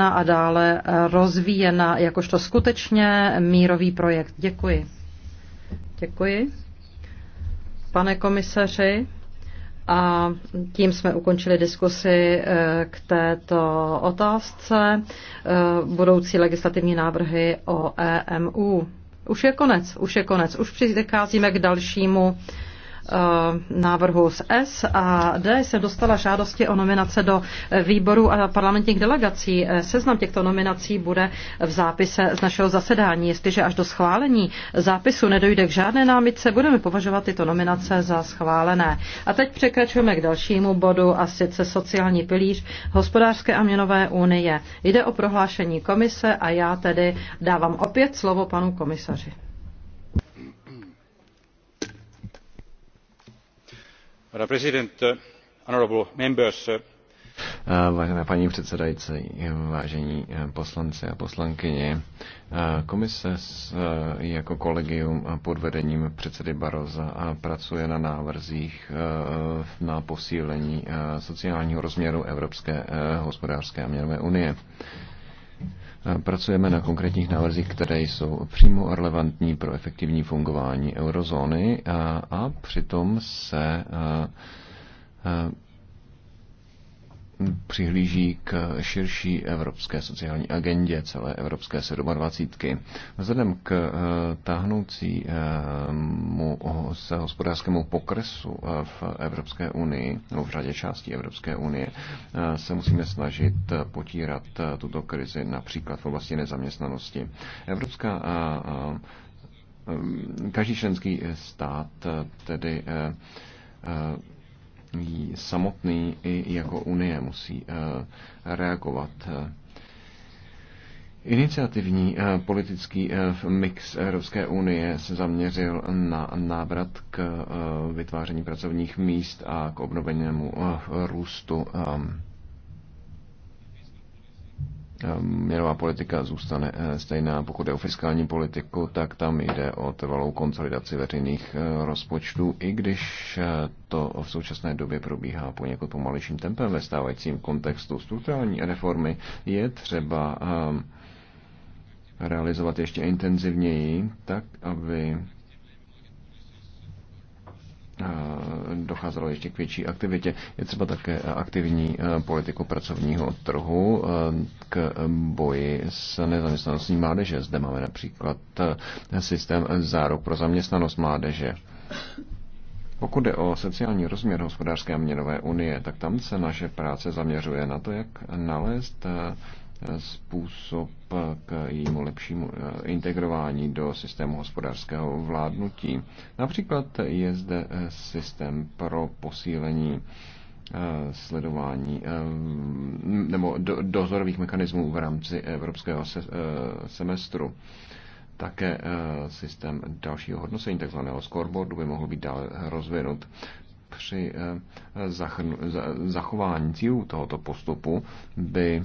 a dále eh, rozvíjena jakožto skutečně mírový projekt. Děkuji. Děkuji. Pane komisaři, a tím jsme ukončili diskusi eh, k této otázce. Eh, budoucí legislativní návrhy o EMU. Už je konec, už je konec, už přicházíme k dalšímu Eh, návrhu z S a D jsem dostala žádosti o nominace do výboru a parlamentních delegací. Eh, seznam těchto nominací bude v zápise z našeho zasedání. Jestliže až do schválení zápisu nedojde k žádné námitce, budeme považovat tyto nominace za schválené. A teď překračujeme k dalšímu bodu a sice sociální pilíř hospodářské a měnové unie. Jde o prohlášení komise a já tedy dávám opět slovo panu komisaři. Uh, eh, vážená paní předsedající, vážení eh, poslanci a poslankyně, eh, komise jako kolegium pod vedením předsedy barrosa pracuje na návrzích na posílení sociálního rozměru Evropské hospodářské a měnové unie. Pracujeme na konkrétních návrzích, které jsou přímo relevantní pro efektivní fungování eurozóny a, a přitom se a, a, přihlíží k širší evropské sociální agendě celé evropské 27. Vzhledem k eh, táhnoucímu se hospodářskému pokresu eh, v Evropské unii, nebo v řadě částí Evropské unie, eh, se musíme snažit potírat tuto krizi například v oblasti nezaměstnanosti. Evropská každý členský stát tedy samotný i jako Unie musí eh, reagovat. Eh, iniciativní eh, politický mix Evropské unie se zaměřil na návrat k vytváření pracovních míst a k obnovenému růstu. Ehm, měnová politika zůstane eh, stejná. Pokud je o fiskální politiku, tak tam jde o trvalou konsolidaci veřejných eh, rozpočtů, i když eh, to v současné době probíhá poněkud pomalejším tempem ve stávajícím kontextu strukturální reformy, je třeba ehm, realizovat ještě intenzivněji, tak aby docházelo ještě k větší aktivitě. Je třeba také aktivní politiku pracovního trhu k boji s nezaměstnaností mládeže. Zde máme například systém záruk pro zaměstnanost mládeže. Pokud jde o sociální rozměr hospodářské a měnové unie, tak tam se naše práce zaměřuje na to, jak nalézt způsob k jejímu lepšímu eh, integrování do systému hospodářského vládnutí. Například je zde eh, systém pro posílení eh, sledování nebo dozorových mechanismů v rámci evropského semestru. Také systém dalšího hodnocení, takzvaného scoreboardu, by mohl být dále rozvinut při zachování cílů tohoto postupu by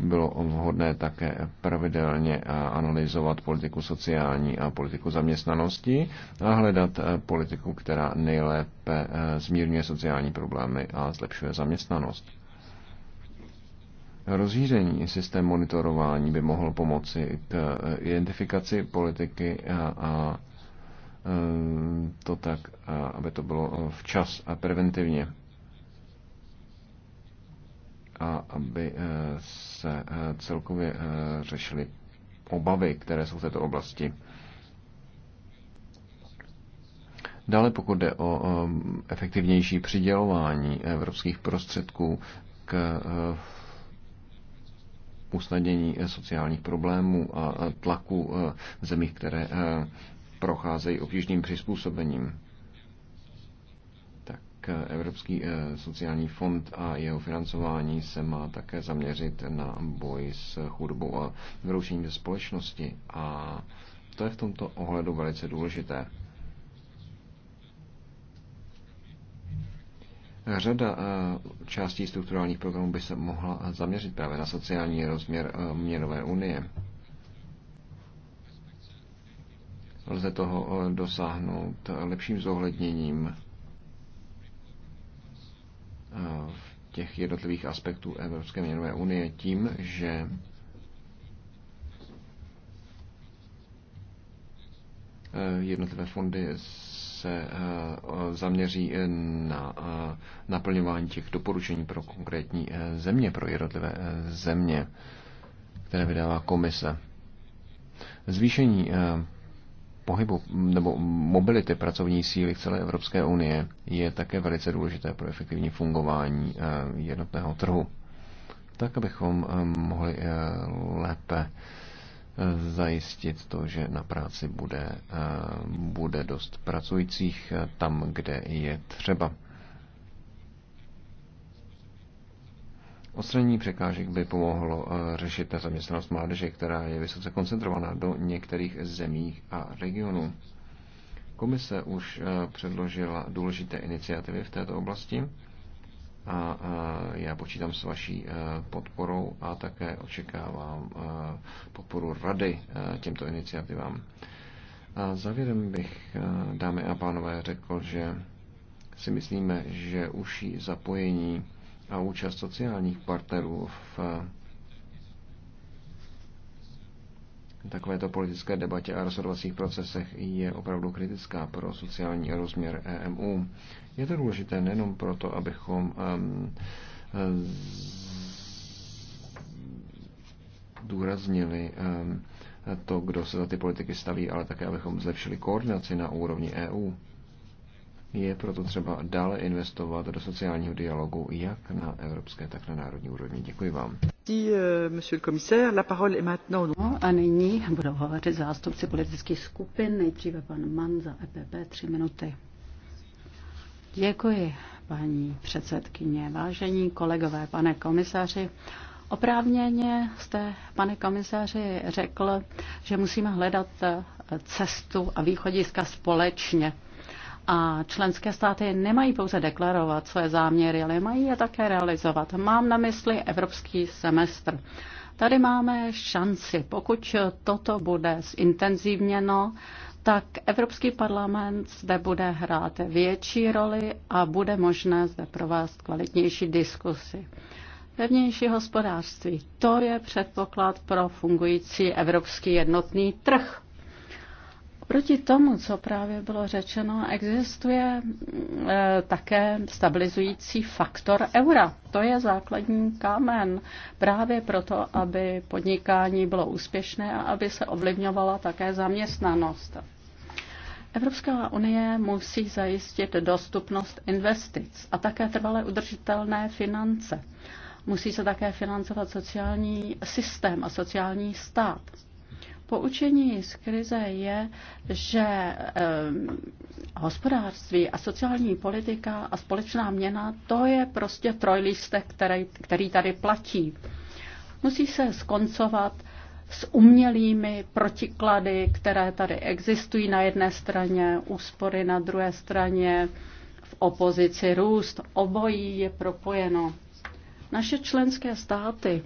bylo vhodné také pravidelně analyzovat politiku sociální a politiku zaměstnanosti a hledat politiku, která nejlépe zmírňuje sociální problémy a zlepšuje zaměstnanost. Rozšíření systém monitorování by mohl pomoci k identifikaci politiky a to tak, aby to bylo včas a preventivně a aby eh, se eh, celkově eh, řešily obavy, které jsou v této oblasti. Dále pokud jde o eh, efektivnější přidělování evropských prostředků k usnadnění sociálních problémů a tlaku v zemích, které procházejí obtížným přizpůsobením. Eh, Evropský eh, sociální fond a jeho financování se má také zaměřit na boj s chudobou a vyroušením ze společnosti. A to je v tomto ohledu velice důležité. Řada eh, částí strukturálních programů by se mohla zaměřit právě na sociální rozměr měnové unie. Lze toho dosáhnout lepším zohledněním Eh, těch jednotlivých aspektů Evropské měnové unie tím, že eh, jednotlivé fondy se eh, zaměří na naplňování těch doporučení pro konkrétní země, pro jednotlivé země, které vydává komise. Zvýšení pohybu nebo mobility pracovní síly v celé Evropské unie je také velice důležité pro efektivní fungování eh, jednotného trhu. Tak, abychom eh, mohli eh, lépe zajistit to, že na práci bude, bude dost pracujících tam, kde je třeba. Odstranění překážek by pomohlo eh, řešit nezaměstnanost mládeže, která je vysoce koncentrovaná do některých zemí a regionů. Komise už eh, předložila důležité iniciativy v této oblasti a eh, já počítám s vaší podporou a také očekávám podporu rady těmto iniciativám. A závěrem bych, dámy a pánové, řekl, že si myslíme, že užší zapojení a účast sociálních partnerů v takovéto politické debatě a rozhodovacích procesech je opravdu kritická pro sociální rozměr EMU. Je to důležité nejenom proto, abychom um, důraznili um, to, kdo se za ty politiky staví, ale také abychom zlepšili koordinaci na úrovni EU. Je proto třeba dále investovat do sociálního dialogu jak na evropské, tak na národní úrovni. Děkuji vám. A nyní budou hovořit zástupci politických skupin, nejdříve pan Mann za EPP, tři minuty. Děkuji, paní předsedkyně, vážení kolegové, pane komisaři. Oprávněně jste, pane komisaři, řekl, že musíme hledat eh, cestu a východiska společně. A členské státy nemají pouze deklarovat své záměry, ale mají je také realizovat. Mám na mysli evropský semestr. Tady máme šanci, pokud toto bude zintenzivněno, tak Evropský parlament zde bude hrát větší roli a bude možné zde provést kvalitnější diskusy. Pevnější hospodářství, to je předpoklad pro fungující evropský jednotný trh. Proti tomu, co právě bylo řečeno, existuje e, také stabilizující faktor eura. To je základní kámen právě proto, aby podnikání bylo úspěšné a aby se ovlivňovala také zaměstnanost. Evropská unie musí zajistit dostupnost investic a také trvale udržitelné finance. Musí se také financovat sociální systém a sociální stát. Poučení z krize je, že eh, hospodářství a sociální politika a společná měna, to je prostě trojlistek, který, který tady platí. Musí se skoncovat s umělými protiklady, které tady existují na jedné straně, úspory na druhé straně, v opozici růst. Obojí je propojeno. Naše členské státy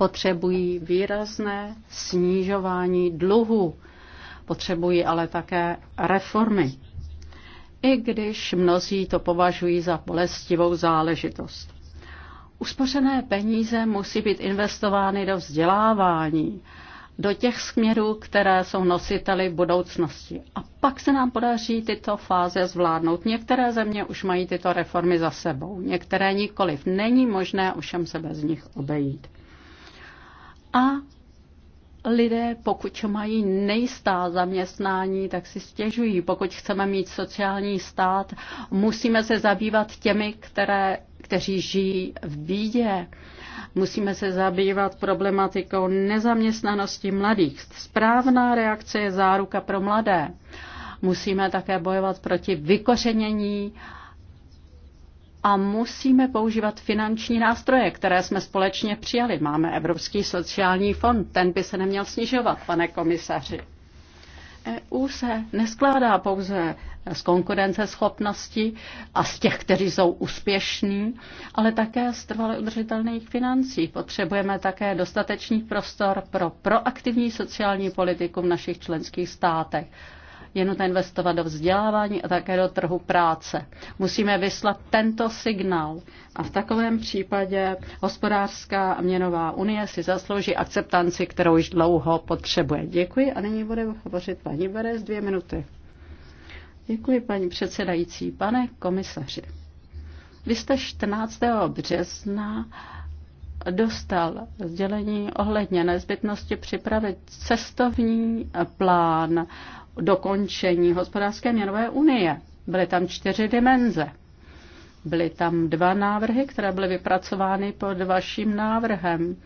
potřebují výrazné snižování dluhu, potřebují ale také reformy. I když mnozí to považují za bolestivou záležitost. Uspořené peníze musí být investovány do vzdělávání, do těch směrů, které jsou nositeli budoucnosti. A pak se nám podaří tyto fáze zvládnout. Některé země už mají tyto reformy za sebou, některé nikoliv. Není možné ovšem se bez nich obejít a lidé, pokud mají nejistá zaměstnání, tak si stěžují. Pokud chceme mít sociální stát, musíme se zabývat těmi, které, kteří žijí v bídě. Musíme se zabývat problematikou nezaměstnanosti mladých. Správná reakce je záruka pro mladé. Musíme také bojovat proti vykořenění a musíme používat finanční nástroje, které jsme společně přijali. Máme Evropský sociální fond, ten by se neměl snižovat, pane komisaři. EU se neskládá pouze z konkurenceschopnosti a z těch, kteří jsou úspěšní, ale také z trvale udržitelných financí. Potřebujeme také dostatečný prostor pro proaktivní sociální politiku v našich členských státech je nutné investovat do vzdělávání a také do trhu práce. Musíme vyslat tento signál a v takovém případě hospodářská a měnová unie si zaslouží akceptanci, kterou již dlouho potřebuje. Děkuji a nyní bude hovořit paní Berez dvě minuty. Děkuji, paní předsedající. Pane komisaři, vy jste 14. března dostal sdělení ohledně nezbytnosti připravit cestovní plán dokončení hospodářské měnové unie. Byly tam čtyři dimenze. Byly tam dva návrhy, které byly vypracovány pod vaším návrhem.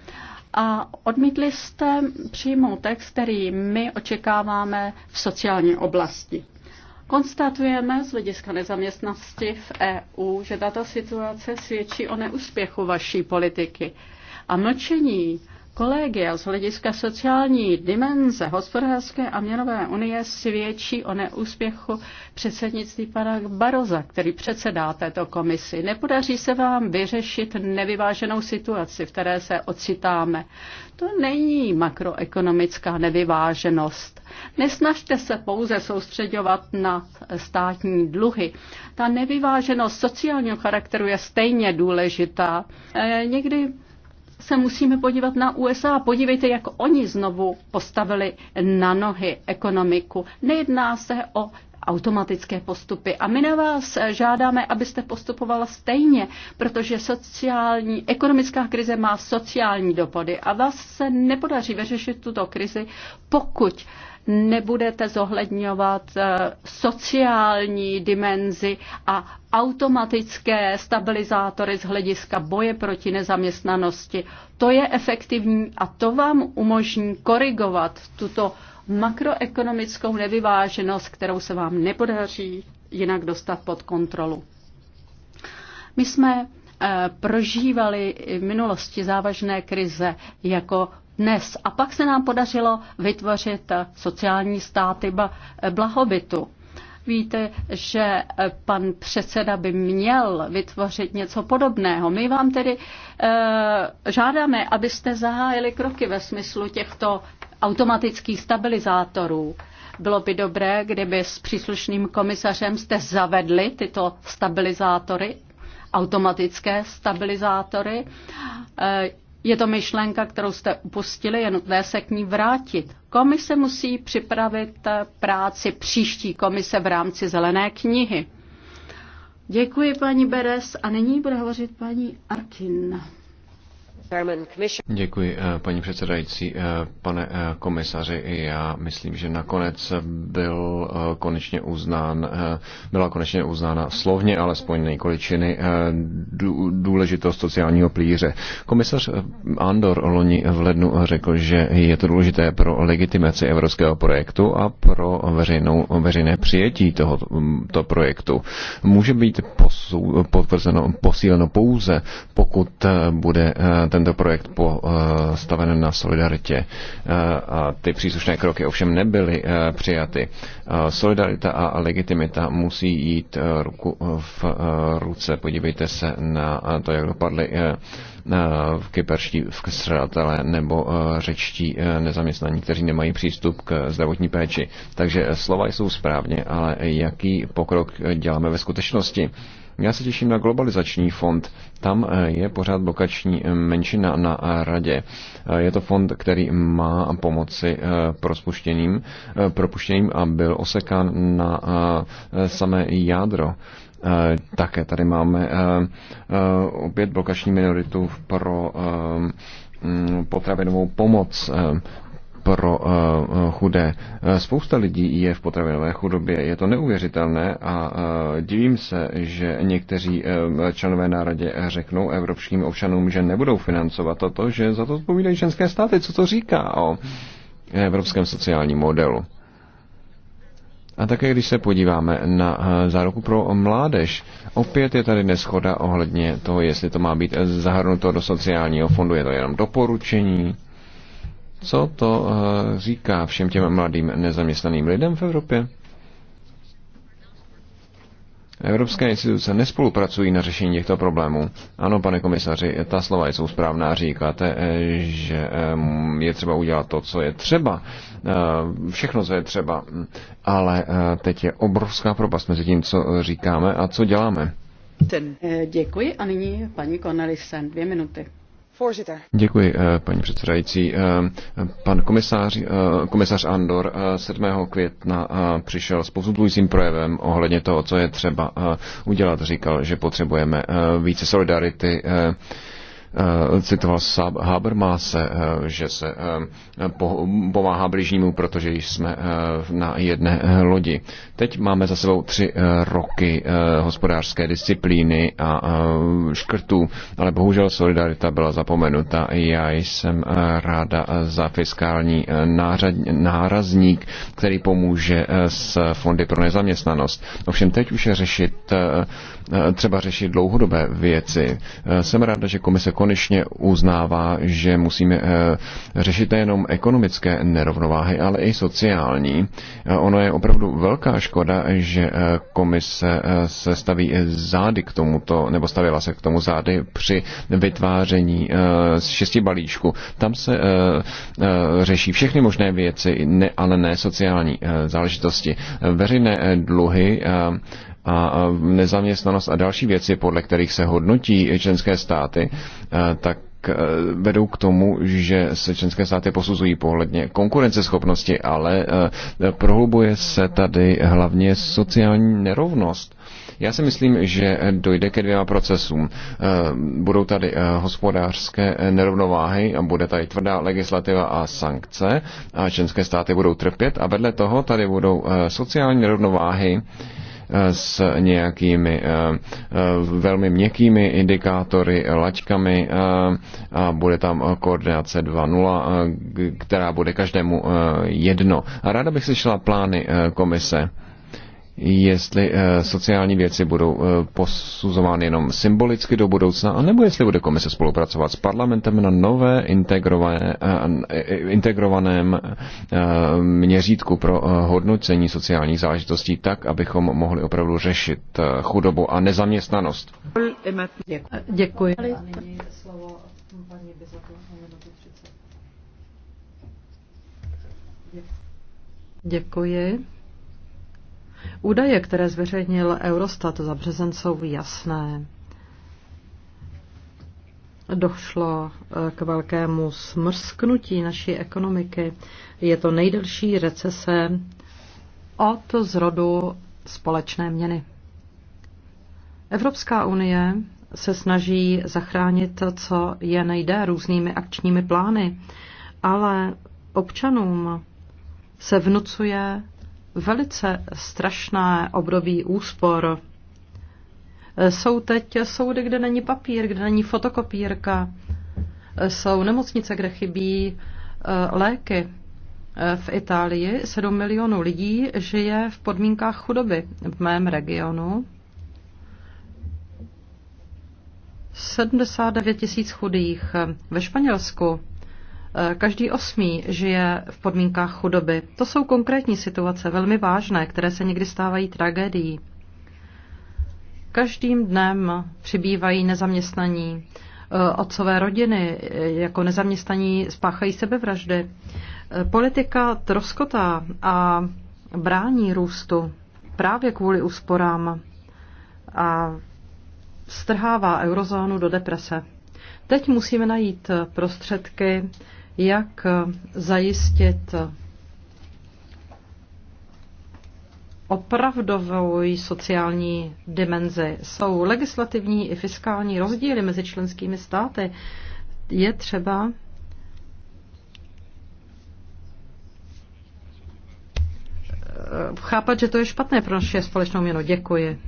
A odmítli jste přijmout text, který my očekáváme v sociální oblasti. Konstatujeme z hlediska nezaměstnanosti v EU, že tato situace svědčí o neúspěchu vaší politiky. A mlčení Kolegia z hlediska sociální dimenze hospodářské a měnové unie svědčí o neúspěchu předsednictví pana Baroza, který předsedá této komisi. Nepodaří se vám vyřešit nevyváženou situaci, v které se ocitáme. To není makroekonomická nevyváženost. Nesnažte se pouze soustředovat na státní dluhy. Ta nevyváženost sociálního charakteru je stejně důležitá. Eh, někdy se musíme podívat na USA. Podívejte, jak oni znovu postavili na nohy ekonomiku. Nejedná se o automatické postupy. A my na vás žádáme, abyste postupovala stejně, protože sociální, ekonomická krize má sociální dopady a vás se nepodaří vyřešit tuto krizi, pokud uh, nebudete zohledňovat eh, sociální dimenzi a automatické stabilizátory z hlediska boje proti nezaměstnanosti. To je efektivní a to vám umožní korigovat tuto makroekonomickou nevyváženost, kterou se vám nepodaří jinak dostat pod kontrolu. My jsme eh, prožívali v minulosti závažné krize jako dnes. A pak se nám podařilo vytvořit sociální státy blahobytu. Víte, že pan předseda by měl vytvořit něco podobného. My vám tedy e, žádáme, abyste zahájili kroky ve smyslu těchto automatických stabilizátorů. Bylo by dobré, kdyby s příslušným komisařem jste zavedli tyto stabilizátory, automatické stabilizátory. E, je to myšlenka, kterou jste upustili, je nutné se k ní vrátit. Komise musí připravit eh, práci příští komise v rámci zelené knihy. Děkuji paní Beres a nyní bude hovořit paní Arkin. Děkuji, eh, paní předsedající. Eh, pane eh, komisaři, já myslím, že nakonec byl konečně uznán, byla konečně uznána slovně, alespoň několik činy, důležitost sociálního plíře. Komisař Andor loni v lednu řekl, že je to důležité pro legitimaci evropského projektu a pro veřejnou, veřejné přijetí tohoto mm, projektu. Může být potvrzeno, posíleno pouze, pokud bude ten tento projekt postaven na solidaritě a ty příslušné kroky ovšem nebyly eh, přijaty. Solidarita a legitimita musí jít eh, ruku v eh, ruce. Podívejte se na to, jak dopadly v kyperští kstřelatele nebo řečtí nezaměstnaní, kteří nemají přístup k zdravotní péči. Takže slova jsou správně, ale jaký pokrok děláme ve skutečnosti? Já se těším na globalizační fond. Tam eh, je pořád blokační eh, menšina na eh, radě. Je to fond, který má pomoci prospuštěným, propuštěným a byl osekán na samé jádro. Také tady máme opět blokační minoritu pro mm, potravinovou pomoc pro eh, eh, chudé. Eh, spousta lidí je v potravinové chudobě. Je to neuvěřitelné a divím se, že někteří členové národě řeknou evropským občanům, že nebudou financovat toto, že za to odpovídají ženské státy. Co to říká o evropském sociálním modelu? A také když se podíváme na záruku pro mládež, opět je tady neschoda ohledně toho, jestli to má být zahrnuto do sociálního fondu, je to jenom doporučení. Co to eh, říká všem těm mladým nezaměstnaným lidem v Evropě? Evropské instituce nespolupracují na řešení těchto problémů. Ano, pane komisaři, ta slova jsou správná. Říkáte, eh, že eh, je třeba udělat to, co je třeba. Všechno, co je třeba. Ale teď je obrovská propast mezi tím, co říkáme a co děláme. Děkuji a nyní paní Cornelisen. Dvě minuty. Děkuji, eh, paní předsedající. Eh, pan komisář, eh, komisař Andor 7. května přišel s povzbuzujícím projevem ohledně toho, co je třeba udělat. Říkal, že potřebujeme více solidarity Eh, citoval Habermase, eh, že se eh, pomáhá bližnímu, protože jsme na jedné lodi. Teď máme za sebou tři roky hospodářské disciplíny a škrtů, ale bohužel solidarita byla zapomenuta. Já jsem ráda za fiskální nárazník, který pomůže s fondy pro nezaměstnanost. Ovšem teď už je řešit Eh, třeba řešit dlouhodobé věci. Eh, jsem ráda, že komise konečně uznává, že musíme eh, řešit nejenom ekonomické nerovnováhy, ale i sociální. Ono je opravdu velká škoda, že komise se staví zády k tomuto, nebo stavila se k tomu zády při vytváření z šesti balíčku. Tam se řeší všechny možné věci, ale ne sociální záležitosti. Veřejné dluhy a nezaměstnanost a další věci, podle kterých se hodnotí členské státy, tak e, vedou k tomu, že se členské státy posuzují pohledně konkurenceschopnosti, ale e, prohlubuje se tady hlavně sociální nerovnost. Já si myslím, že dojde ke dvěma procesům. E, budou tady hospodářské nerovnováhy a bude tady tvrdá legislativa a sankce a členské státy budou trpět a vedle toho tady budou sociální nerovnováhy, s nějakými eh, eh, velmi měkkými indikátory, laťkami eh, a bude tam koordinace 2.0, která bude každému jedno. A ráda bych slyšela plány komise jestli eh, sociální věci budou eh, posuzovány jenom symbolicky do budoucna, anebo jestli bude komise spolupracovat s parlamentem na nové integrované, eh, integrovaném měřítku pro hodnocení sociálních zážitostí tak, abychom mohli opravdu řešit chudobu a nezaměstnanost. Děkuji. Děkuji. Údaje, které zveřejnil Eurostat za březen, jsou jasné. Došlo eh, k velkému smrsknutí naší ekonomiky. Je to nejdelší recese od zrodu společné měny. Evropská unie se snaží zachránit, co je nejde, různými akčními plány, ale občanům se vnucuje velice strašné období úspor. Jsou teď soudy, kde není papír, kde není fotokopírka. Jsou nemocnice, kde chybí eh, léky. Eh, v Itálii 7 milionů lidí žije v podmínkách chudoby. V mém regionu 79 tisíc chudých. Ve Španělsku Eh, každý osmý žije v podmínkách chudoby. To jsou konkrétní situace, velmi vážné, které se někdy stávají tragédií. Každým dnem přibývají nezaměstnaní. Eh, otcové rodiny eh, jako nezaměstnaní spáchají sebevraždy. Politika troskotá a brání růstu právě kvůli úsporám a strhává eurozónu do deprese. Teď musíme najít prostředky jak eh, zajistit eh, opravdovou sociální dimenzi. Jsou legislativní i fiskální rozdíly mezi členskými státy. Je třeba eh, chápat, že to je špatné pro naši společnou měnu. Děkuji.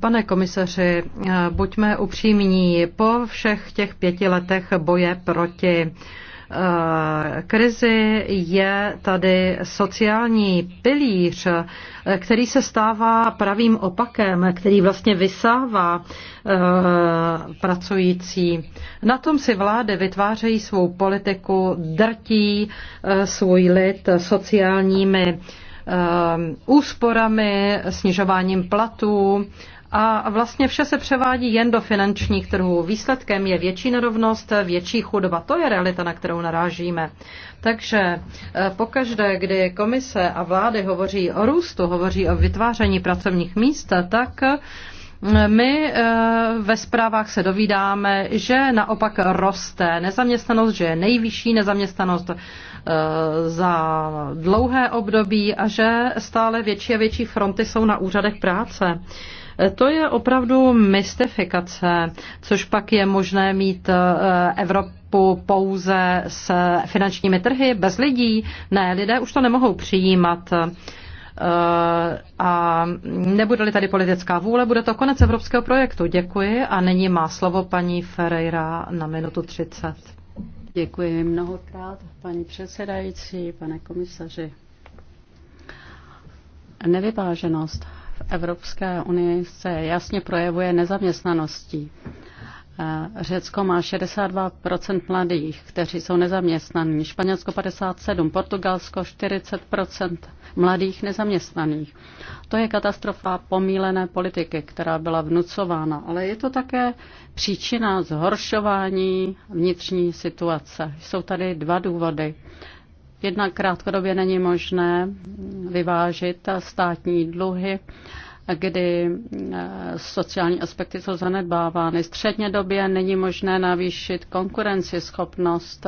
Pane komisaři, buďme upřímní. Po všech těch pěti letech boje proti eh, krizi je tady sociální pilíř, eh, který se stává pravým opakem, který vlastně vysává eh, pracující. Na tom si vlády vytvářejí svou politiku, drtí svůj lid sociálními Um, úsporami, snižováním platů a vlastně vše se převádí jen do finančních trhů. Výsledkem je větší nerovnost, větší chudoba. To je realita, na kterou narážíme. Takže eh, pokaždé, kdy komise a vlády hovoří o růstu, hovoří o vytváření pracovních míst, tak eh, my eh, ve zprávách se dovídáme, že naopak roste nezaměstnanost, že je nejvyšší nezaměstnanost Eh, za dlouhé období a že stále větší a větší fronty jsou na úřadech práce. Eh, to je opravdu mystifikace, což pak je možné mít eh, Evropu pouze s finančními trhy, bez lidí. Ne, lidé už to nemohou přijímat a nebude-li tady politická vůle, bude to konec evropského projektu. Děkuji a nyní má slovo paní Ferreira na minutu 30. Děkuji mnohokrát, paní předsedající, pane komisaři. Nevyváženost v Evropské unii se jasně projevuje nezaměstnaností. Eh, Řecko má 62% mladých, kteří jsou nezaměstnaní, Španělsko 57%, Portugalsko 40% mladých nezaměstnaných. To je katastrofa pomílené politiky, která byla vnucována, ale je to také příčina zhoršování vnitřní situace. Jsou tady dva důvody. Jednak krátkodobě není možné vyvážit státní dluhy, kdy eh, sociální aspekty jsou zanedbávány. době není možné navýšit konkurenceschopnost.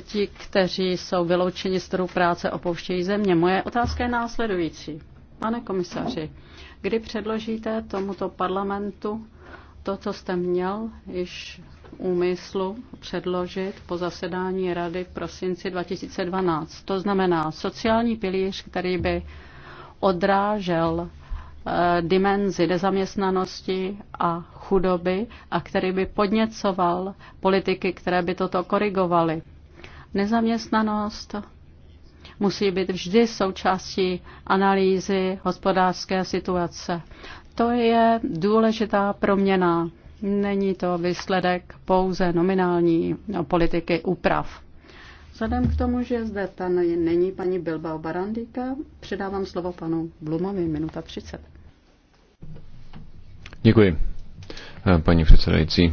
Ti, kteří jsou vyloučeni z trhu práce, opouštějí země. Moje otázka je následující. Pane komisaři, kdy předložíte tomuto parlamentu to, co jste měl již úmyslu předložit po zasedání rady v prosinci 2012. To znamená sociální pilíř, který by odrážel eh, dimenzi nezaměstnanosti a chudoby a který by podněcoval politiky, které by toto korigovaly. Nezaměstnanost musí být vždy součástí analýzy hospodářské situace. To je důležitá proměna. Není to výsledek pouze nominální politiky úprav. Vzhledem k tomu, že zde ta není paní Bilbao Barandika, předávám slovo panu Blumovi, minuta 30. Děkuji, paní předsedající.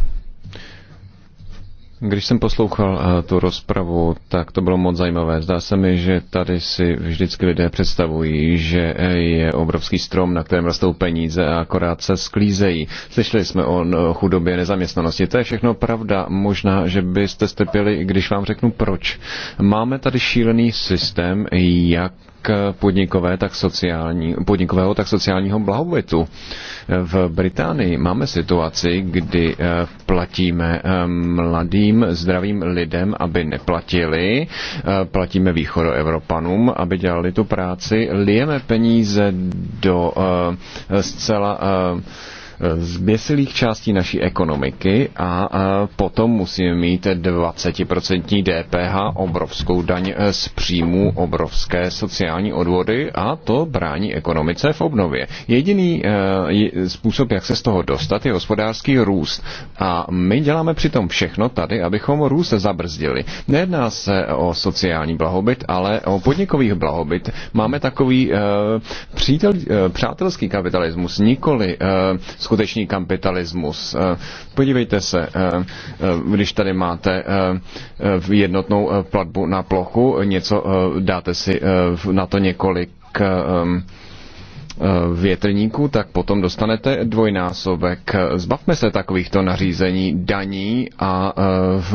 Když jsem poslouchal eh, tu rozpravu, tak to bylo moc zajímavé. Zdá se mi, že tady si vždycky lidé představují, že eh, je obrovský strom, na kterém rostou peníze a akorát se sklízejí. Slyšeli jsme o chudobě, nezaměstnanosti. To je všechno pravda. Možná, že byste strpěli, když vám řeknu proč. Máme tady šílený systém, jak jak podnikové, tak sociální, podnikového, tak sociálního blahobytu. V Británii máme situaci, kdy eh, platíme mladým zdravým, zdravým lidem, aby neplatili. Eh, platíme Evropanům, aby dělali tu práci. Lijeme peníze do eh, zcela eh, zběsilých částí naší ekonomiky a potom musíme mít 20% DPH, obrovskou daň eh, z příjmů, obrovské sociální odvody a to brání ekonomice v obnově. Jediný eh, způsob, jak se z toho dostat, je hospodářský růst. A my děláme přitom všechno tady, abychom růst zabrzdili. Nejedná se o sociální blahobyt, ale o podnikový blahobyt. Máme takový eh, přítel, přátelský kapitalismus, nikoli skutečný kapitalismus. Eh, podívejte se, eh, eh, když tady máte jednotnou platbu na plochu, něco dáte si na to několik Eh, Větrníku, tak potom dostanete dvojnásobek. Zbavme se takovýchto nařízení daní a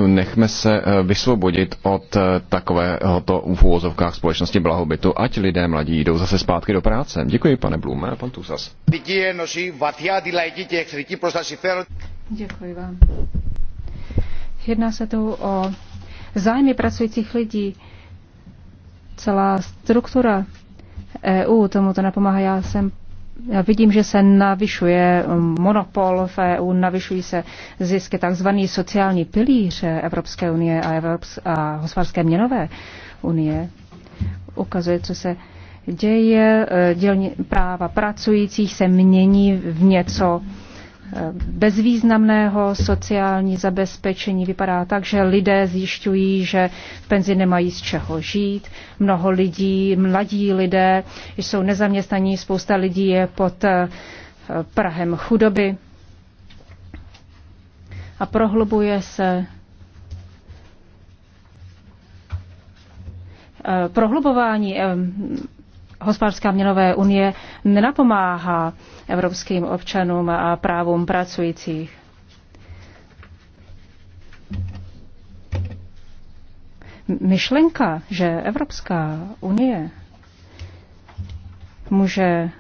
eh, nechme se eh, vysvobodit od takovéhoto v úvozovkách společnosti blahobytu, ať lidé mladí jdou zase zpátky do práce. Děkuji, pane Blume, pan Tusas. Děkuji vám. Jedná se tu o zájmy pracujících lidí. Celá struktura EU tomuto napomáhá. Já jsem já vidím, že se navyšuje um, monopol v EU, navyšují se zisky tzv. sociální pilíř Evropské unie a, Evrops- a hospodářské měnové unie. Ukazuje, co se děje, e, dělní práva pracujících se mění v něco bezvýznamného sociální zabezpečení vypadá tak, že lidé zjišťují, že v penzi nemají z čeho žít. Mnoho lidí, mladí lidé jsou nezaměstnaní, spousta lidí je pod eh, Prahem chudoby a prohlubuje se eh, prohlubování eh, hospodářská měnové unie nenapomáhá evropským občanům a právům pracujících. Myšlenka, že Evropská unie může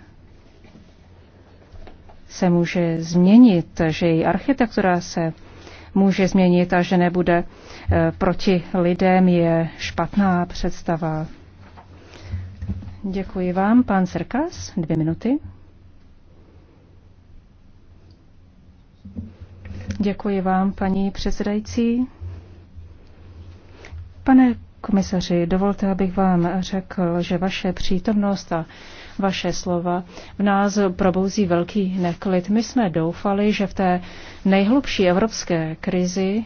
se může změnit, že její architektura se může změnit a že nebude eh, proti lidem, je špatná představa. Děkuji vám. Pan Serkas, dvě minuty. Děkuji vám, paní předsedající. Pane komisaři, dovolte, abych vám řekl, že vaše přítomnost a vaše slova v nás probouzí velký neklid. My jsme doufali, že v té nejhlubší evropské krizi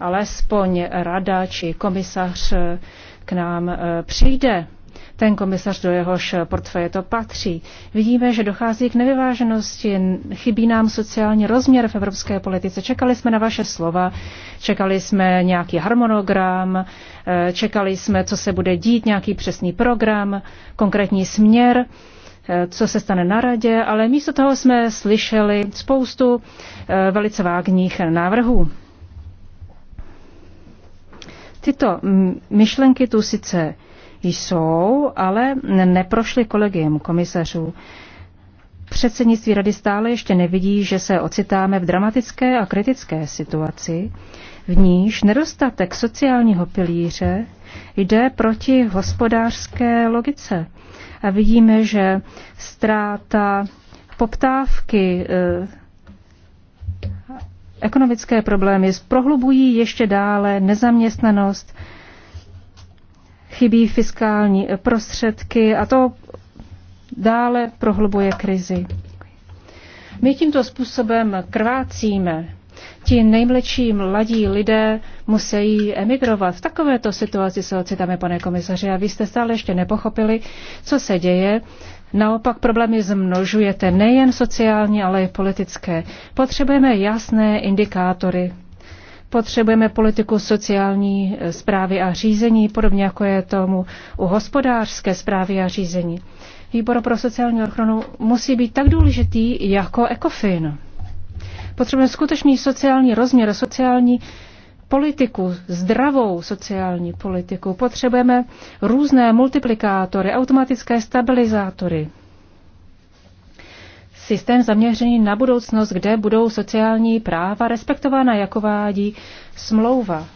alespoň rada či komisař k nám eh, přijde ten komisař, do jehož portfeje to patří. Vidíme, že dochází k nevyváženosti, chybí nám sociální rozměr v evropské politice. Čekali jsme na vaše slova, čekali jsme nějaký harmonogram, eh, čekali jsme, co se bude dít, nějaký přesný program, konkrétní směr eh, co se stane na radě, ale místo toho jsme slyšeli spoustu eh, velice vágních návrhů. Tyto mm, myšlenky tu sice jsou, ale neprošly kolegiem komisařů. Předsednictví rady stále ještě nevidí, že se ocitáme v dramatické a kritické situaci, v níž nedostatek sociálního pilíře jde proti hospodářské logice. A vidíme, že ztráta poptávky, eh, ekonomické problémy prohlubují ještě dále nezaměstnanost, chybí fiskální prostředky a to dále prohlubuje krizi. My tímto způsobem krvácíme. Ti nejmladší mladí lidé musí emigrovat. V takovéto situaci se ocitáme, pane komisaři, a vy jste stále ještě nepochopili, co se děje. Naopak problémy zmnožujete nejen sociální, ale i politické. Potřebujeme jasné indikátory Potřebujeme politiku sociální zprávy eh, a řízení, podobně jako je tomu u hospodářské zprávy a řízení. Výbor pro sociální ochranu musí být tak důležitý jako ECOFIN. Potřebujeme skutečný sociální rozměr, sociální politiku, zdravou sociální politiku. Potřebujeme různé multiplikátory, automatické stabilizátory systém zaměřený na budoucnost, kde budou sociální práva respektována, jako vádí smlouva.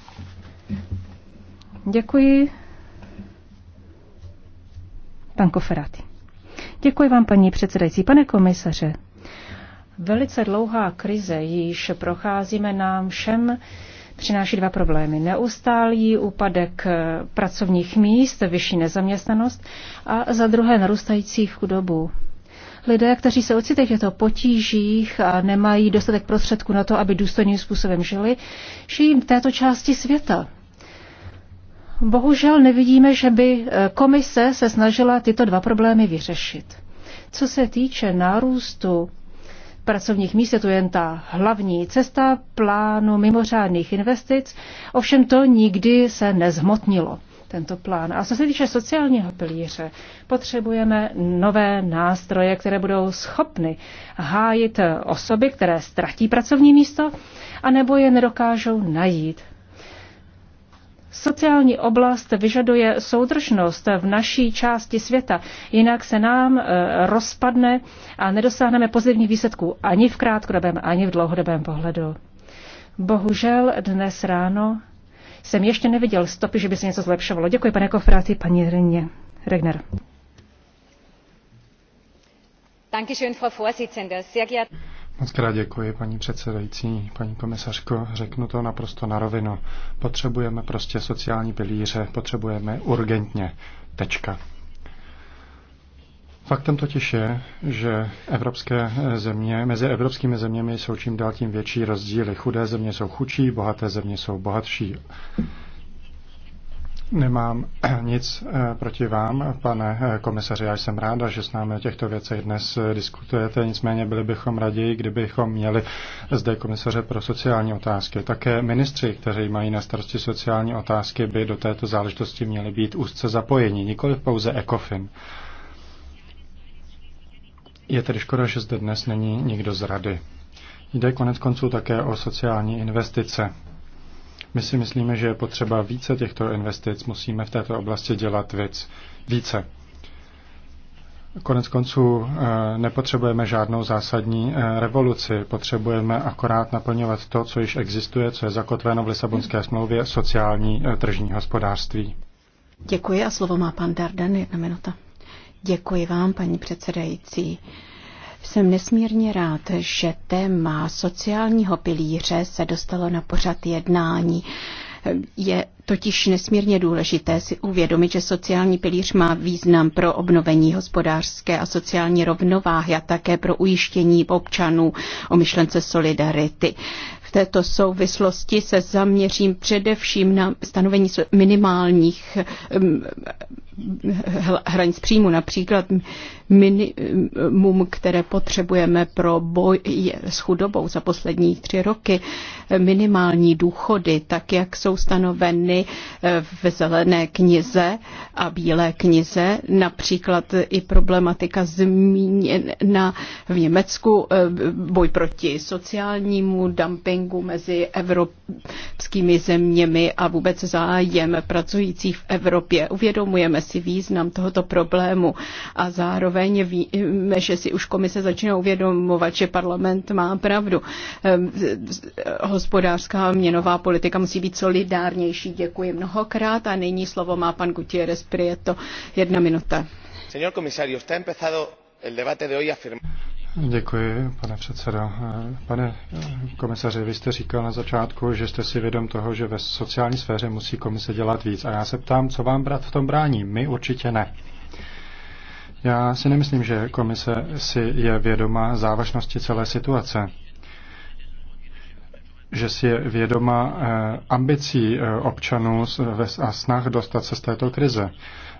Děkuji. Pan Koferáty. Děkuji vám, paní předsedající. Pane komisaře, velice dlouhá krize, již procházíme nám všem, přináší dva problémy. Neustálý úpadek pracovních míst, vyšší nezaměstnanost a za druhé narůstající chudobu lidé, kteří se ocitají v těchto potížích a nemají dostatek prostředků na to, aby důstojným způsobem žili, žijí v této části světa. Bohužel nevidíme, že by eh, komise se snažila tyto dva problémy vyřešit. Co se týče nárůstu pracovních míst je to jen ta hlavní cesta plánu mimořádných investic, ovšem to nikdy se nezhmotnilo tento plán. A co se týče sociálního pilíře, potřebujeme nové nástroje, které budou schopny hájit osoby, které ztratí pracovní místo, anebo je nedokážou najít. Sociální oblast vyžaduje soudržnost v naší části světa, jinak se nám e, rozpadne a nedosáhneme pozitivních výsledků ani v krátkodobém, ani v dlouhodobém pohledu. Bohužel dnes ráno jsem ještě neviděl stopy, že by se něco zlepšovalo. Děkuji, pane Kofráty, paní Reně. Regner. Moc krát děkuji, paní předsedající, paní komisařko. Řeknu to naprosto na rovinu. Potřebujeme prostě sociální pilíře, potřebujeme urgentně. Tečka. Faktem totiž je, že evropské eh, země, mezi evropskými zeměmi jsou čím dál tím větší rozdíly. Chudé země jsou chudší, bohaté země jsou bohatší. Nemám eh, nic eh, proti vám, pane komisaři. Já jsem ráda, že s námi o těchto věcech dnes diskutujete. Nicméně byli bychom raději, kdybychom měli zde komisaře pro sociální otázky. Také ministři, kteří mají na starosti sociální otázky, by do této záležitosti měli být úzce zapojeni, nikoli pouze ECOFIN. Je tedy škoda, že zde dnes není nikdo z rady. Jde konec konců také o sociální investice. My si myslíme, že je potřeba více těchto investic, musíme v této oblasti dělat věc více. Konec konců eh, nepotřebujeme žádnou zásadní eh, revoluci, potřebujeme akorát naplňovat to, co již existuje, co je zakotveno v Lisabonské smlouvě, sociální eh, tržní hospodářství. Děkuji a slovo má pan Darden, jedna minuta. Děkuji vám, paní předsedající. Jsem nesmírně rád, že téma sociálního pilíře se dostalo na pořad jednání. Je totiž nesmírně důležité si uvědomit, že sociální pilíř má význam pro obnovení hospodářské a sociální rovnováhy a také pro ujištění občanů o myšlence solidarity této souvislosti se zaměřím především na stanovení minimálních hranic příjmu, například minimum, které potřebujeme pro boj s chudobou za poslední tři roky minimální důchody, tak jak jsou stanoveny eh, v zelené knize a bílé knize, například i problematika zmíněna v Německu, eh, boj proti sociálnímu dumpingu mezi evropskými zeměmi a vůbec zájem pracujících v Evropě. Uvědomujeme si význam tohoto problému a zároveň víme, že si už komise začíná uvědomovat, že parlament má pravdu. Eh, hospodářská měnová politika musí být solidárnější. Děkuji mnohokrát a nyní slovo má pan Gutierrez Prieto. Jedna minuta. Señor comisario, usted empezado el debate de hoy Děkuji, pane předsedo. Pane komisaři, vy jste říkal na začátku, že jste si vědom toho, že ve sociální sféře musí komise dělat víc. A já se ptám, co vám brat v tom brání? My určitě ne. Já si nemyslím, že komise si je vědoma závažnosti celé situace že si je vědoma eh, ambicí eh, občanů a snah dostat se z této krize.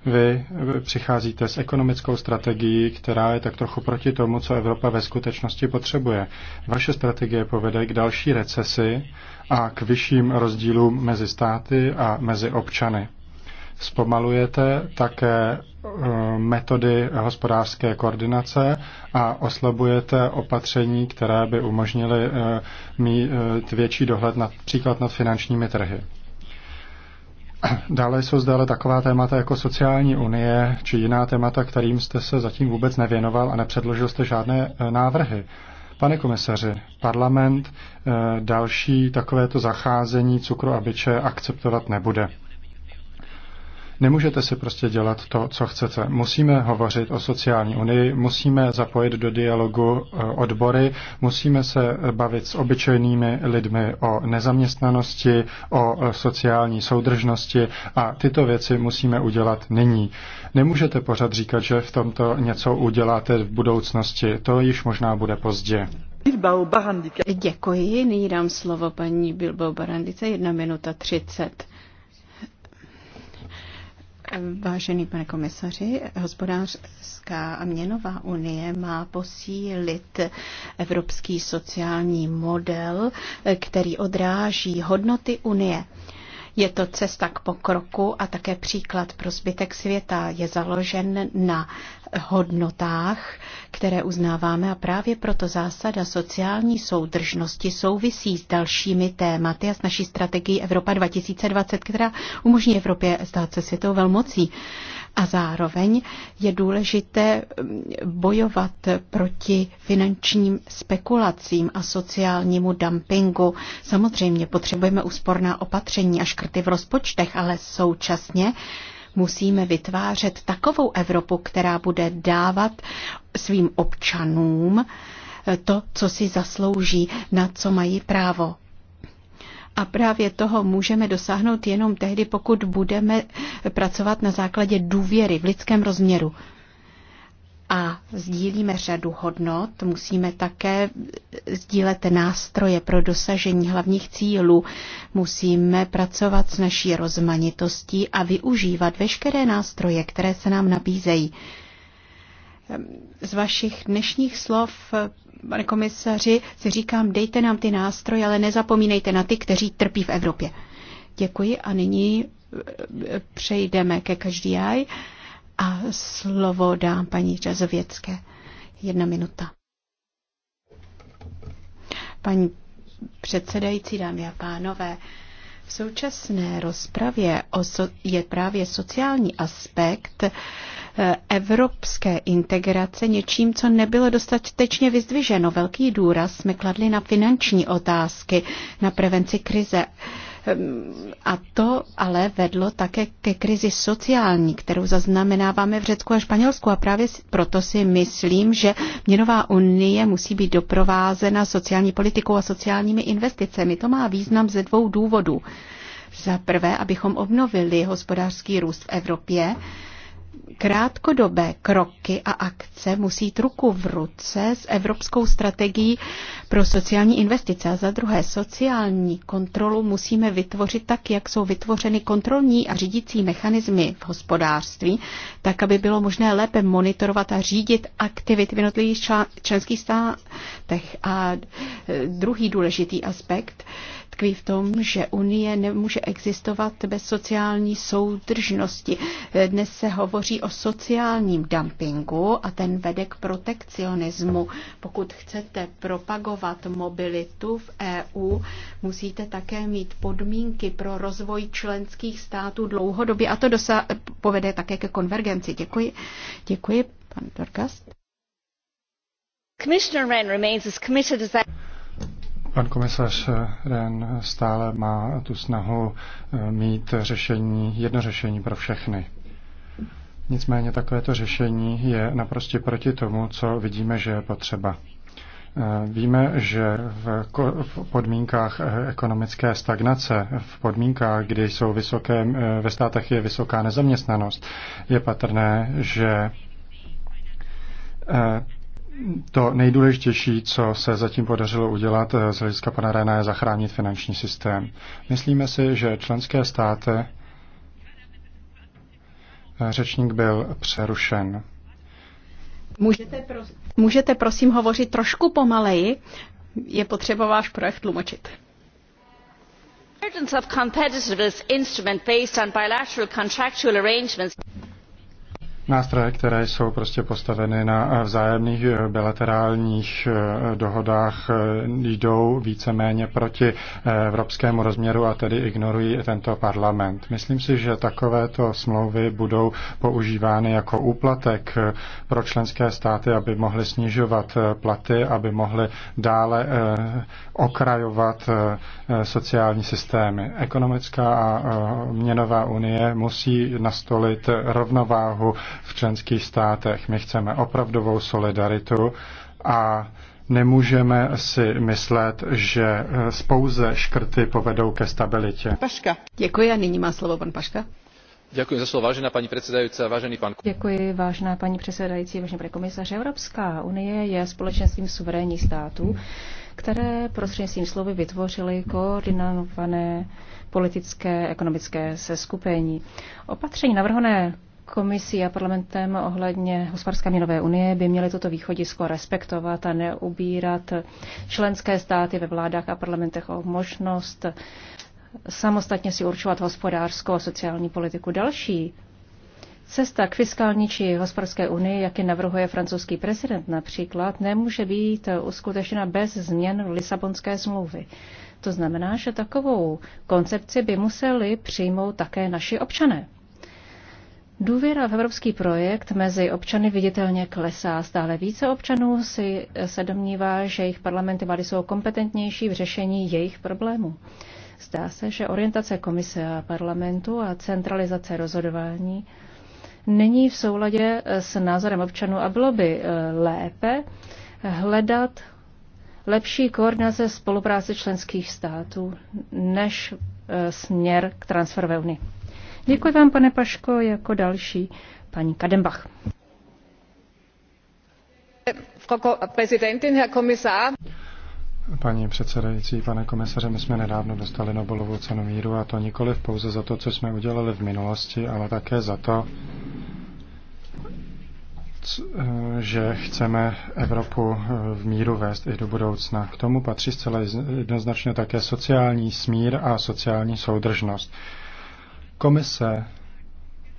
Vy eh, přicházíte s ekonomickou strategií, která je tak trochu proti tomu, co Evropa ve skutečnosti potřebuje. Vaše strategie povede k další recesi a k vyšším rozdílům mezi státy a mezi občany. Zpomalujete také eh, metody hospodářské koordinace a oslabujete opatření, které by umožnily eh, mít eh, větší dohled například nad finančními trhy. Dále jsou zde ale taková témata jako sociální unie či jiná témata, kterým jste se zatím vůbec nevěnoval a nepředložil jste žádné návrhy. Pane komisaři, parlament další takovéto zacházení cukru a byče akceptovat nebude. Nemůžete si prostě dělat to, co chcete. Musíme hovořit o sociální unii, musíme zapojit do dialogu eh, odbory, musíme se bavit s obyčejnými lidmi o nezaměstnanosti, o eh, sociální soudržnosti a tyto věci musíme udělat nyní. Nemůžete pořád říkat, že v tomto něco uděláte v budoucnosti. To již možná bude pozdě. Děkuji. Nyní dám slovo paní Bilbao Barandice, jedna minuta třicet. Vážený pane komisaři, hospodářská a měnová unie má posílit evropský sociální model, který odráží hodnoty unie. Je to cesta k pokroku a také příklad pro zbytek světa. Je založen na hodnotách, které uznáváme a právě proto zásada sociální soudržnosti souvisí s dalšími tématy a s naší strategií Evropa 2020, která umožní Evropě stát se světovou velmocí. A zároveň je důležité mm, bojovat proti finančním spekulacím a sociálnímu dumpingu. Samozřejmě potřebujeme úsporná opatření a škrty v rozpočtech, ale současně Musíme vytvářet takovou Evropu, která bude dávat svým občanům eh, to, co si zaslouží, na co mají právo. A právě toho můžeme dosáhnout jenom tehdy, pokud budeme pracovat na základě důvěry v lidském rozměru a sdílíme řadu hodnot, musíme také sdílet nástroje pro dosažení hlavních cílů, musíme pracovat s naší rozmanitostí a využívat veškeré nástroje, které se nám nabízejí. Z vašich dnešních slov, pane komisaři, si říkám, dejte nám ty nástroje, ale nezapomínejte na ty, kteří trpí v Evropě. Děkuji a nyní přejdeme ke každý jaj. A slovo dám paní Žazověcké. Jedna minuta. Paní předsedající, dámy a pánové, v současné rozpravě je právě sociální aspekt eh, evropské integrace něčím, co nebylo dostatečně vyzdviženo. Velký důraz jsme kladli na finanční otázky, na prevenci krize Ehm, a to ale vedlo také ke krizi sociální, kterou zaznamenáváme v Řecku a Španělsku. A právě proto si myslím, že měnová unie musí být doprovázena sociální politikou a sociálními investicemi. To má význam ze dvou důvodů. Za prvé, abychom obnovili hospodářský růst v Evropě krátkodobé kroky a akce musí jít ruku v ruce s Evropskou strategií pro sociální investice. A za druhé, sociální kontrolu musíme vytvořit tak, jak jsou vytvořeny kontrolní a řídící mechanismy v hospodářství, tak, aby bylo možné lépe monitorovat a řídit aktivity v jednotlivých členských státech. A e, druhý důležitý aspekt tkví v tom, že Unie nemůže existovat bez sociální soudržnosti. Dnes se hovoří o sociálním dumpingu a ten vede k protekcionismu. Pokud chcete propagovat mobilitu v EU, musíte také mít podmínky pro rozvoj členských států dlouhodobě a to dosa- povede také ke konvergenci. Děkuji. Děkuji, pan Dorkast. Pan komisař Ren stále má tu snahu eh, mít řešení, jedno řešení pro všechny. Nicméně takovéto řešení je naprosto proti tomu, co vidíme, že je potřeba. Eh, víme, že v podmínkách eh, ekonomické stagnace, v podmínkách, kdy jsou vysoké, ve státech je vysoká nezaměstnanost, je patrné, že to nejdůležitější, co se zatím podařilo udělat eh, z hlediska pana Rena, je zachránit finanční systém. Myslíme si, že členské státy eh, řečník byl přerušen. Můžete, pros- můžete prosím hovořit trošku pomaleji? Je potřeba váš projekt tlumočit. Of competitiveness instrument based on bilateral contractual arrangements nástroje, které jsou prostě postaveny na eh, vzájemných eh, bilaterálních eh, dohodách, jdou víceméně proti evropskému rozměru a tedy ignorují tento parlament. Myslím si, že takovéto smlouvy budou používány jako úplatek pro členské státy, aby mohly snižovat platy, aby mohly dále okrajovat sociální systémy. Ekonomická a měnová unie musí nastolit rovnováhu v členských státech. My chceme opravdovou solidaritu a nemůžeme si myslet, že eh, spouze škrty povedou ke stabilitě. Paška. Děkuji a nyní má slovo pan Paška. Děkuji za slovo, vážená paní předsedající, vážený pan. Děkuji, vážená paní předsedající, vážený pane komisaře. Evropská unie je společenstvím suverénních států, které prostřednictvím slovy vytvořily koordinované politické, ekonomické seskupení. Opatření navrhované Komisí a parlamentem ohledně hospodářské měnové unie by měly toto východisko respektovat a neubírat členské státy ve vládách a parlamentech o možnost samostatně si určovat hospodářskou a sociální politiku. Další Cesta k fiskální či hospodářské unii, jak ji navrhuje francouzský prezident například, nemůže být uskutečněna bez změn v Lisabonské smlouvy. To znamená, že takovou koncepci by museli přijmout také naši občané. Důvěra v evropský projekt mezi občany viditelně klesá. Stále více občanů si eh, se domnívá, že jejich parlamenty vlády jsou kompetentnější v řešení jejich problémů. Zdá se, že orientace komise a parlamentu a centralizace rozhodování není v souladě eh, s názorem občanů a bylo by eh, lépe hledat lepší koordinace spolupráce členských států než směr k transferové unii. Děkuji vám, pane Paško, jako další paní Kadenbach. Paní předsedající, pane komisaře, my jsme nedávno dostali Nobelovu cenu míru a to nikoli pouze za to, co jsme udělali v minulosti, ale také za to, že chceme Evropu eh, v míru vést i do budoucna. K tomu patří zcela jednoznačně také sociální smír a sociální soudržnost. Komise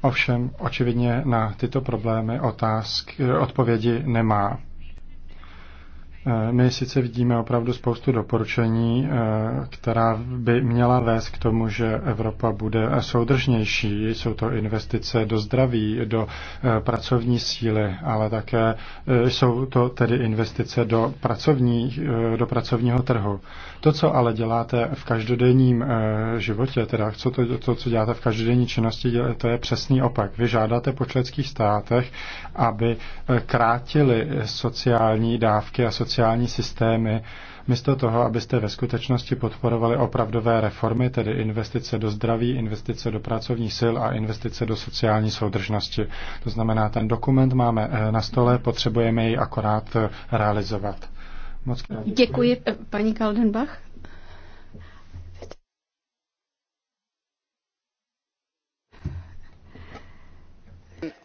ovšem očividně na tyto problémy otázky, odpovědi nemá. Eh, my sice vidíme opravdu spoustu doporučení, eh, která by měla vést k tomu, že Evropa bude soudržnější. Jsou to investice do zdraví, do eh, pracovní síly, ale také jsou to tedy investice do, pracovní, do pracovního trhu. To, co ale děláte v každodenním životě, teda co to, to, co děláte v každodenní činnosti, to je přesný opak. Vy žádáte po členských státech, aby krátili sociální dávky a sociální sociální systémy, místo toho, abyste ve skutečnosti podporovali opravdové reformy, tedy investice do zdraví, investice do pracovních sil a investice do sociální soudržnosti. To znamená, ten dokument máme eh, na stole, potřebujeme jej akorát eh, realizovat. Moc krát děkuji. děkuji, eh, paní Kaldenbach.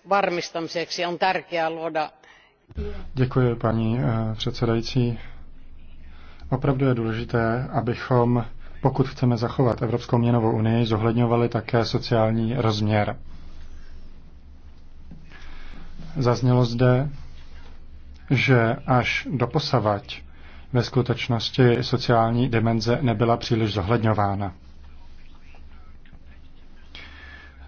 varmistamiseksi on tärkeää luoda Děkuji, paní eh, předsedající. Opravdu je důležité, abychom, pokud chceme zachovat Evropskou měnovou unii, zohledňovali také sociální rozměr. Zaznělo zde, že až doposavať ve skutečnosti sociální dimenze nebyla příliš zohledňována.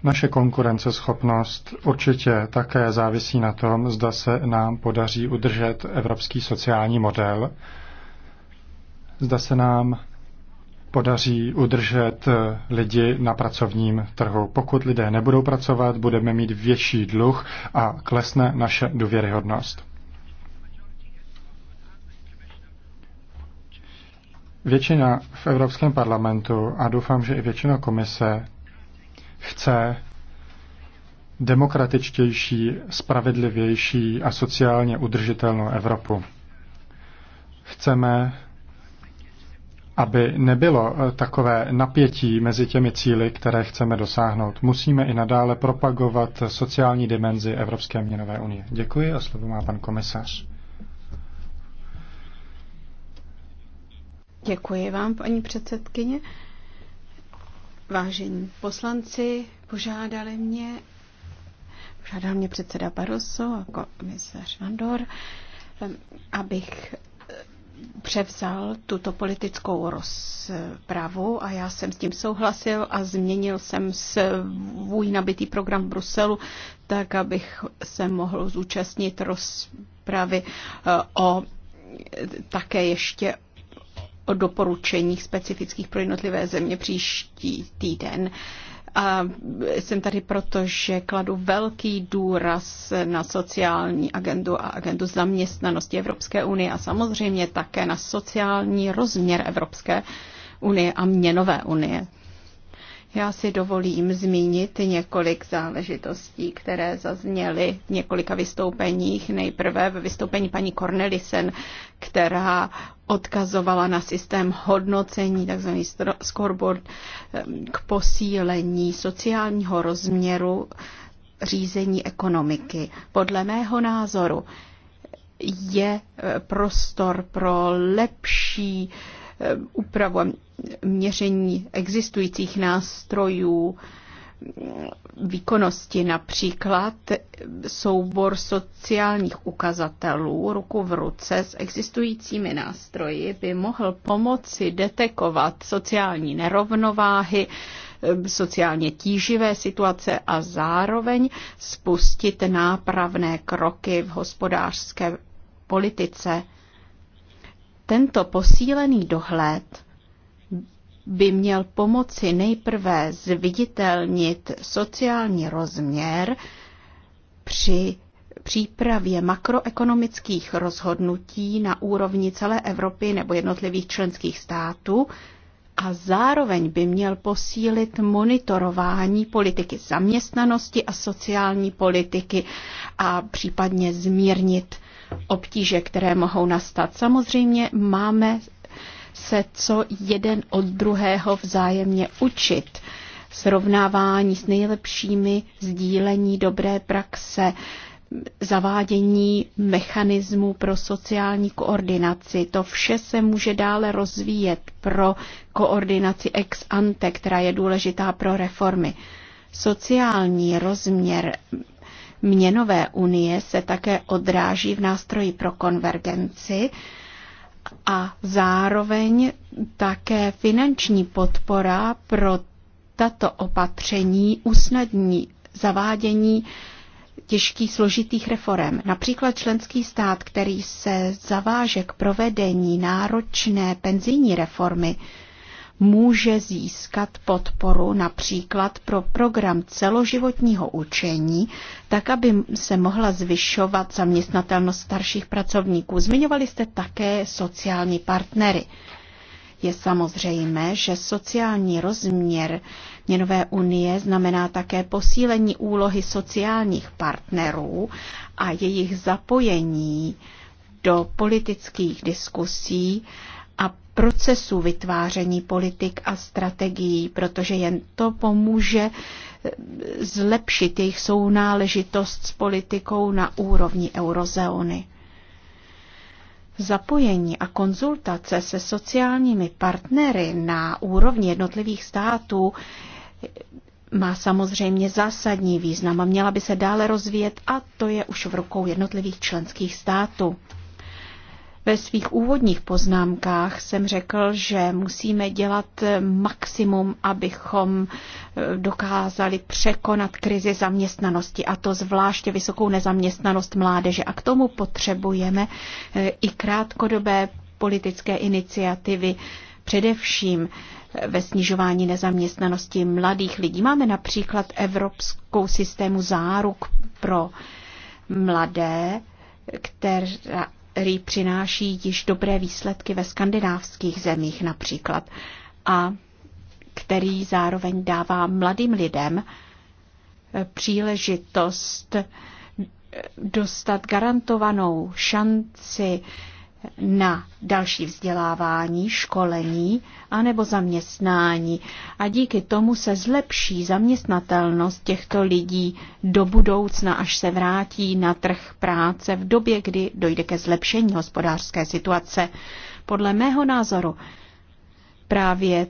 Naše konkurenceschopnost určitě také závisí na tom, zda se nám podaří udržet evropský sociální model, zda se nám podaří udržet lidi na pracovním trhu. Pokud lidé nebudou pracovat, budeme mít větší dluh a klesne naše důvěryhodnost. Většina v Evropském parlamentu a doufám, že i většina komise chce demokratičtější, spravedlivější a sociálně udržitelnou Evropu. Chceme, aby nebylo eh, takové napětí mezi těmi cíly, které chceme dosáhnout. Musíme i nadále propagovat sociální dimenzi Evropské měnové unie. Děkuji a slovo má pan komisař. Děkuji vám, paní předsedkyně. Vážení poslanci, požádali mě, požádal mě předseda Barroso a jako komisař Vandor, eh, abych eh, převzal tuto politickou rozpravu a já jsem s tím souhlasil a změnil jsem svůj nabitý program v Bruselu, tak abych se mohl zúčastnit rozpravy eh, o také ještě o doporučeních specifických pro jednotlivé země příští týden. A jsem tady proto, že kladu velký důraz na sociální agendu a agendu zaměstnanosti Evropské unie a samozřejmě také na sociální rozměr Evropské unie a měnové unie. Já si dovolím zmínit několik záležitostí, které zazněly v několika vystoupeních. Nejprve ve vystoupení paní Cornelisen, která odkazovala na systém hodnocení, takzvaný scoreboard, k posílení sociálního rozměru řízení ekonomiky. Podle mého názoru je e, prostor pro lepší Eh, úpravu měření existujících nástrojů, výkonnosti například soubor sociálních ukazatelů ruku v ruce s existujícími nástroji by mohl pomoci detekovat sociální nerovnováhy, eh, sociálně tíživé situace a zároveň spustit nápravné kroky v hospodářské politice. Tento posílený dohled by měl pomoci nejprve zviditelnit sociální rozměr při přípravě makroekonomických rozhodnutí na úrovni celé Evropy nebo jednotlivých členských států a zároveň by měl posílit monitorování politiky zaměstnanosti a sociální politiky a případně zmírnit obtíže, které mohou nastat. Samozřejmě máme se co jeden od druhého vzájemně učit. Srovnávání s nejlepšími, sdílení dobré praxe, zavádění mechanismů pro sociální koordinaci. To vše se může dále rozvíjet pro koordinaci ex ante, která je důležitá pro reformy. Sociální rozměr měnové unie se také odráží v nástroji pro konvergenci a zároveň také finanční podpora pro tato opatření usnadní zavádění těžkých složitých reform. Například členský stát, který se zaváže k provedení náročné penzijní reformy, může získat podporu například pro program celoživotního učení, tak aby se mohla zvyšovat zaměstnatelnost starších pracovníků. Zmiňovali jste také sociální partnery. Je samozřejmé, že sociální rozměr měnové unie znamená také posílení úlohy sociálních partnerů a jejich zapojení do politických diskusí a procesu vytváření politik a strategií, protože jen to pomůže eh, zlepšit jejich sounáležitost s politikou na úrovni eurozóny. Zapojení a konzultace se sociálními partnery na úrovni jednotlivých států eh, má samozřejmě zásadní význam a měla by se dále rozvíjet a to je už v rukou jednotlivých členských států. Ve svých úvodních poznámkách jsem řekl, že musíme dělat eh, maximum, abychom eh, dokázali překonat krizi zaměstnanosti, a to zvláště vysokou nezaměstnanost mládeže. A k tomu potřebujeme eh, i krátkodobé politické iniciativy, především ve snižování nezaměstnanosti mladých lidí. Máme například evropskou systému záruk pro mladé, která který přináší již dobré výsledky ve skandinávských zemích například a který zároveň dává mladým lidem eh, příležitost eh, dostat garantovanou šanci na další vzdělávání, školení anebo zaměstnání. A díky tomu se zlepší zaměstnatelnost těchto lidí do budoucna, až se vrátí na trh práce v době, kdy dojde ke zlepšení hospodářské situace. Podle mého názoru právě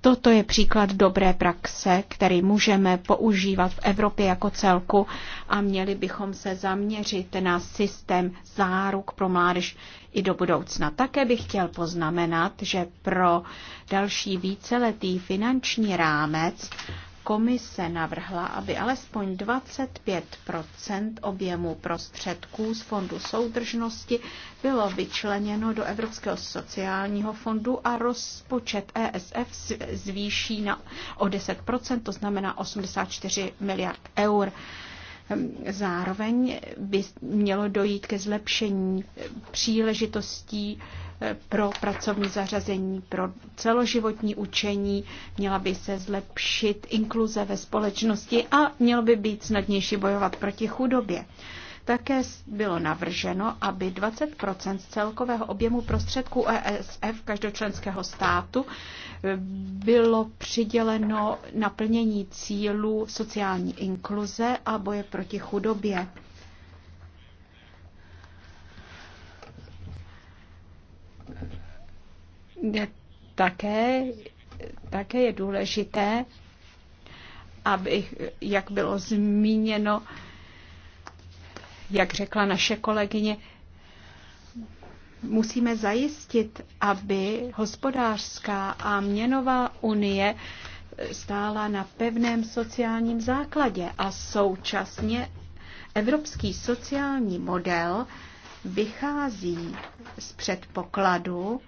Toto je příklad dobré praxe, který můžeme používat v Evropě jako celku a měli bychom se zaměřit na systém záruk pro mládež i do budoucna. Také bych chtěl poznamenat, že pro další víceletý finanční rámec Komise navrhla, aby alespoň 25 objemu prostředků z Fondu soudržnosti bylo vyčleněno do Evropského sociálního fondu a rozpočet ESF zvýší na, o 10 to znamená 84 miliard eur. Ehm, zároveň by mělo dojít ke zlepšení ehm, příležitostí ehm, pro pracovní zařazení, pro celoživotní učení, měla by se zlepšit inkluze ve společnosti a mělo by být snadnější bojovat proti chudobě. Také bylo navrženo, aby 20 z celkového objemu prostředků ESF každočlenského státu eh, bylo přiděleno naplnění cílů sociální inkluze a boje proti chudobě. Také, také je důležité, aby, jak bylo zmíněno, jak řekla naše kolegyně, musíme zajistit, aby hospodářská a měnová unie stála na pevném sociálním základě a současně evropský sociální model vychází z předpokladu,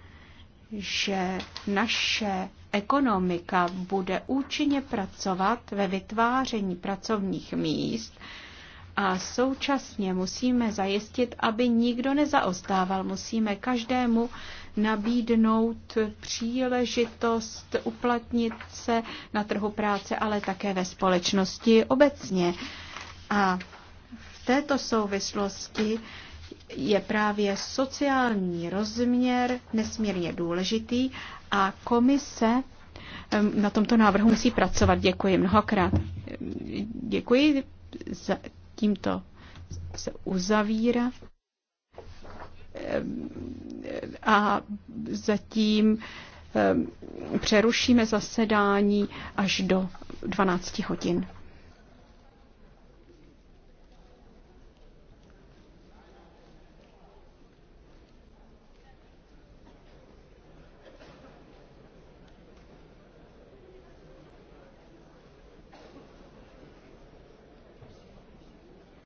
že naše ekonomika bude účinně pracovat ve vytváření pracovních míst, a současně musíme zajistit, aby nikdo nezaostával. Musíme každému nabídnout příležitost uplatnit se na trhu práce, ale také ve společnosti obecně. A v této souvislosti je právě sociální rozměr nesmírně důležitý a komise na tomto návrhu musí pracovat. Děkuji mnohokrát. Děkuji. Za tímto se uzavírá a zatím ehm, přerušíme zasedání až do 12 hodin.